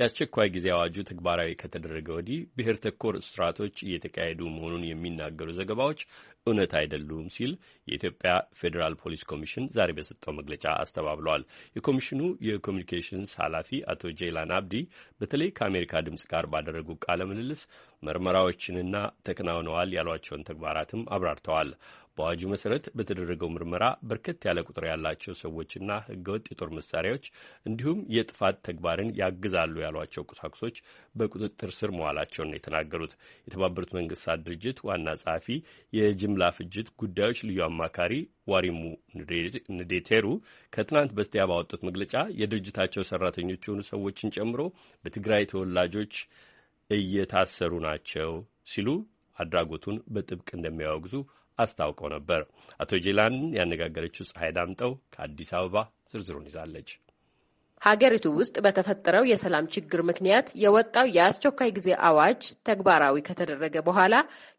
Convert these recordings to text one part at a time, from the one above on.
የአስቸኳይ ጊዜ አዋጁ ተግባራዊ ከተደረገ ወዲህ ብሔር ተኮር እስራቶች እየተካሄዱ መሆኑን የሚናገሩ ዘገባዎች እውነት አይደሉም ሲል የኢትዮጵያ ፌዴራል ፖሊስ ኮሚሽን ዛሬ በሰጠው መግለጫ አስተባብሏል። የኮሚሽኑ የኮሚኒኬሽንስ ኃላፊ አቶ ጄይላን አብዲ በተለይ ከአሜሪካ ድምፅ ጋር ባደረጉ ቃለ ምልልስ ምርመራዎችንና ተከናውነዋል ያሏቸውን ተግባራትም አብራርተዋል። በአዋጁ መሰረት በተደረገው ምርመራ በርከት ያለ ቁጥር ያላቸው ሰዎችና ህገወጥ የጦር መሳሪያዎች እንዲሁም የጥፋት ተግባርን ያግዛሉ ያሏቸው ቁሳቁሶች በቁጥጥር ስር መዋላቸውን ነው የተናገሩት። የተባበሩት መንግስታት ድርጅት ዋና ጸሐፊ የጅምላ ፍጅት ጉዳዮች ልዩ አማካሪ ዋሪሙ ንዴቴሩ ከትናንት በስቲያ ባወጡት መግለጫ የድርጅታቸው ሰራተኞች የሆኑ ሰዎችን ጨምሮ በትግራይ ተወላጆች እየታሰሩ ናቸው ሲሉ አድራጎቱን በጥብቅ እንደሚያወግዙ አስታውቀው ነበር። አቶ ጄላንን ያነጋገረችው ፀሐይ ዳምጠው ከአዲስ አበባ ዝርዝሩን ይዛለች። ሀገሪቱ ውስጥ በተፈጠረው የሰላም ችግር ምክንያት የወጣው የአስቸኳይ ጊዜ አዋጅ ተግባራዊ ከተደረገ በኋላ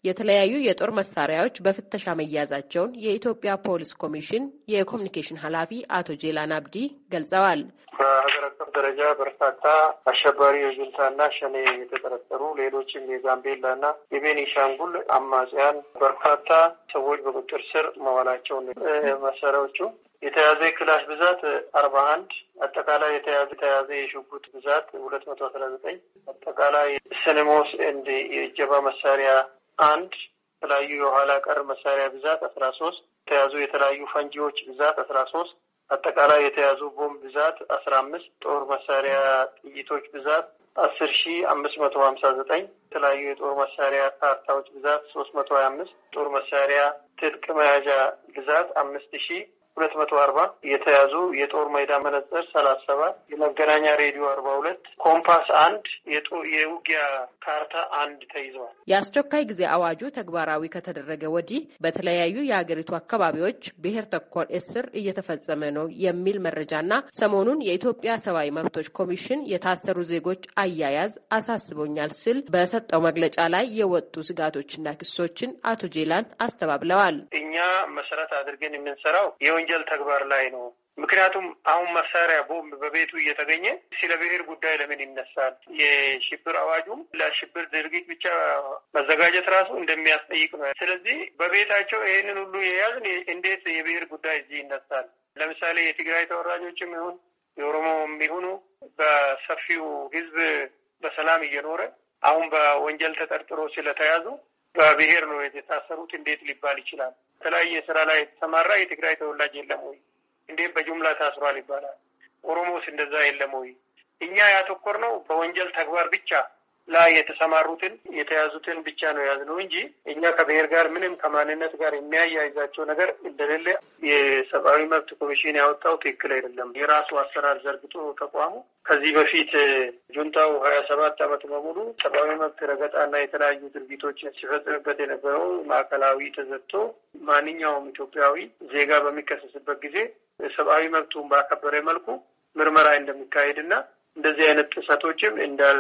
የተለያዩ የጦር መሳሪያዎች በፍተሻ መያዛቸውን የኢትዮጵያ ፖሊስ ኮሚሽን የኮሚኒኬሽን ኃላፊ አቶ ጄላን አብዲ ገልጸዋል። በሀገር አቀፍ ደረጃ በርካታ አሸባሪ የጁንታና ሸኔ የተጠረጠሩ ሌሎችም የጋምቤላና የቤኒሻንጉል አማጽያን በርካታ ሰዎች በቁጥር ስር መዋላቸውን መሳሪያዎቹ የተያዘ የክላሽ ብዛት አርባ አንድ አጠቃላይ የተያዘ የተያዘ የሽጉጥ ብዛት ሁለት መቶ አስራ ዘጠኝ አጠቃላይ ስንሞስ እንድ የእጀባ መሳሪያ አንድ የተለያዩ የኋላ ቀር መሳሪያ ብዛት አስራ ሶስት የተያዙ የተለያዩ ፈንጂዎች ብዛት አስራ ሶስት አጠቃላይ የተያዙ ቦምብ ብዛት አስራ አምስት ጦር መሳሪያ ጥይቶች ብዛት አስር ሺ አምስት መቶ ሀምሳ ዘጠኝ የተለያዩ የጦር መሳሪያ ካርታዎች ብዛት ሶስት መቶ ሀያ አምስት ጦር መሳሪያ ትጥቅ መያዣ ብዛት አምስት ሺ ሁለት መቶ አርባ የተያዙ የጦር ሜዳ መነጽር ሰላሳ ሰባት የመገናኛ ሬዲዮ አርባ ሁለት ኮምፓስ አንድ የውጊያ ካርታ አንድ ተይዘዋል። የአስቸኳይ ጊዜ አዋጁ ተግባራዊ ከተደረገ ወዲህ በተለያዩ የሀገሪቱ አካባቢዎች ብሔር ተኮር እስር እየተፈጸመ ነው የሚል መረጃና ሰሞኑን የኢትዮጵያ ሰብአዊ መብቶች ኮሚሽን የታሰሩ ዜጎች አያያዝ አሳስቦኛል ሲል በሰጠው መግለጫ ላይ የወጡ ስጋቶችና ክሶችን አቶ ጄላን አስተባብለዋል። እኛ መሰረት አድርገን የምንሰራው የወንጀል ተግባር ላይ ነው። ምክንያቱም አሁን መሳሪያ ቦምብ በቤቱ እየተገኘ ስለ ብሔር ጉዳይ ለምን ይነሳል? የሽብር አዋጁም ለሽብር ድርጊት ብቻ መዘጋጀት ራሱ እንደሚያስጠይቅ ነው። ስለዚህ በቤታቸው ይህንን ሁሉ የያዝን እንዴት የብሔር ጉዳይ እዚህ ይነሳል? ለምሳሌ የትግራይ ተወራጆችም ይሁን የኦሮሞ የሚሆኑ በሰፊው ህዝብ በሰላም እየኖረ አሁን በወንጀል ተጠርጥሮ ስለተያዙ በብሔር ነው የታሰሩት እንዴት ሊባል ይችላል? የተለያየ ስራ ላይ የተሰማራ የትግራይ ተወላጅ የለም ወይ? እንዴት በጅምላ ታስሯል ይባላል? ኦሮሞስ እንደዛ የለም ወይ? እኛ ያተኮር ነው በወንጀል ተግባር ብቻ ላይ የተሰማሩትን የተያዙትን ብቻ ነው የያዝነው እንጂ እኛ ከብሔር ጋር ምንም ከማንነት ጋር የሚያያይዛቸው ነገር እንደሌለ የሰብአዊ መብት ኮሚሽን ያወጣው ትክክል አይደለም። የራሱ አሰራር ዘርግቶ ተቋሙ ከዚህ በፊት ጁንታው ሀያ ሰባት ዓመት በሙሉ ሰብአዊ መብት ረገጣና የተለያዩ ድርጊቶችን ሲፈጽምበት የነበረው ማዕከላዊ ተዘግቶ ማንኛውም ኢትዮጵያዊ ዜጋ በሚከሰስበት ጊዜ ሰብአዊ መብቱን ባከበረ መልኩ ምርመራ እንደሚካሄድና እንደዚህ አይነት ጥሰቶችም እንዳል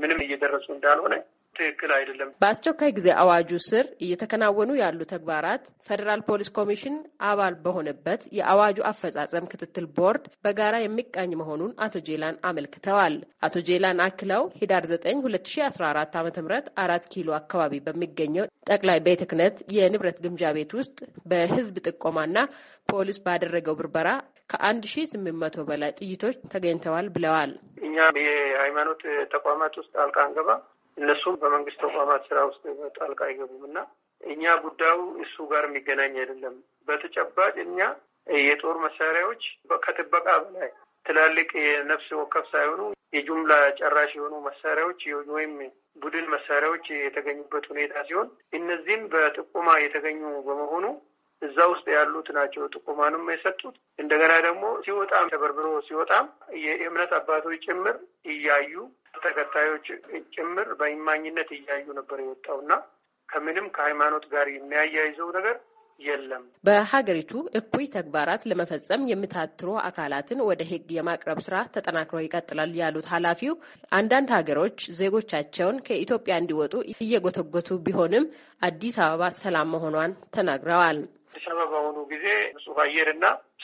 ምንም እየደረሱ እንዳልሆነ ትክክል አይደለም። በአስቸኳይ ጊዜ አዋጁ ስር እየተከናወኑ ያሉ ተግባራት ፌዴራል ፖሊስ ኮሚሽን አባል በሆነበት የአዋጁ አፈጻጸም ክትትል ቦርድ በጋራ የሚቃኝ መሆኑን አቶ ጄላን አመልክተዋል። አቶ ጄላን አክለው ህዳር 9 2014 ዓ ም አራት ኪሎ አካባቢ በሚገኘው ጠቅላይ ቤተ ክህነት የንብረት ግምጃ ቤት ውስጥ በህዝብ ጥቆማና ፖሊስ ባደረገው ብርበራ ከአንድ ሺ ስምንት መቶ በላይ ጥይቶች ተገኝተዋል ብለዋል። እኛ የሃይማኖት ተቋማት ውስጥ አልቃ አንገባ እነሱም በመንግስት ተቋማት ስራ ውስጥ ጣልቃ አይገቡም እና እኛ ጉዳዩ እሱ ጋር የሚገናኝ አይደለም። በተጨባጭ እኛ የጦር መሳሪያዎች ከጥበቃ በላይ ትላልቅ የነፍስ ወከፍ ሳይሆኑ የጁምላ ጨራሽ የሆኑ መሳሪያዎች ወይም ቡድን መሳሪያዎች የተገኙበት ሁኔታ ሲሆን እነዚህም በጥቁማ የተገኙ በመሆኑ እዛ ውስጥ ያሉት ናቸው። ጥቁማንም የሰጡት እንደገና ደግሞ ሲወጣም ተበርብሮ ሲወጣም የእምነት አባቶች ጭምር እያዩ ተከታዮች ጭምር በይማኝነት እያዩ ነበር የወጣውና ከምንም ከሃይማኖት ጋር የሚያያይዘው ነገር የለም። በሀገሪቱ እኩይ ተግባራት ለመፈጸም የሚታትሩ አካላትን ወደ ሕግ የማቅረብ ስራ ተጠናክሮ ይቀጥላል ያሉት ኃላፊው አንዳንድ ሀገሮች ዜጎቻቸውን ከኢትዮጵያ እንዲወጡ እየጎተጎቱ ቢሆንም አዲስ አበባ ሰላም መሆኗን ተናግረዋል። አዲስ አበባ በአሁኑ ጊዜ ንጹህ አየር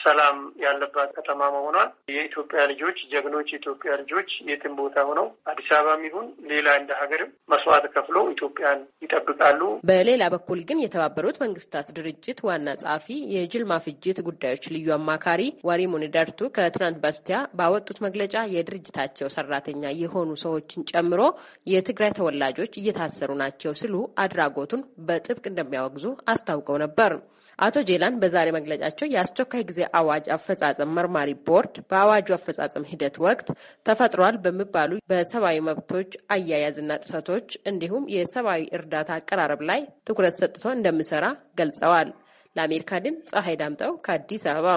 ሰላም ያለባት ከተማ መሆኗን የኢትዮጵያ ልጆች ጀግኖች የኢትዮጵያ ልጆች የትም ቦታ ሆነው አዲስ አበባም ይሁን ሌላ እንደ ሀገርም መስዋዕት ከፍሎ ኢትዮጵያን ይጠብቃሉ። በሌላ በኩል ግን የተባበሩት መንግስታት ድርጅት ዋና ጸሐፊ የጅልማ ፍጅት ጉዳዮች ልዩ አማካሪ ዋሪ ሙኒዳርቱ ከትናንት በስቲያ ባወጡት መግለጫ የድርጅታቸው ሰራተኛ የሆኑ ሰዎችን ጨምሮ የትግራይ ተወላጆች እየታሰሩ ናቸው ሲሉ አድራጎቱን በጥብቅ እንደሚያወግዙ አስታውቀው ነበር። አቶ ጄላን በዛሬ መግለጫቸው የአስቸኳይ ጊዜ የአዋጅ አፈጻጸም መርማሪ ቦርድ በአዋጁ አፈጻጸም ሂደት ወቅት ተፈጥሯል በሚባሉ በሰብአዊ መብቶች አያያዝና ጥሰቶች እንዲሁም የሰብአዊ እርዳታ አቀራረብ ላይ ትኩረት ሰጥቶ እንደሚሰራ ገልጸዋል። ለአሜሪካ ድምፅ ፀሐይ ዳምጠው ከአዲስ አበባ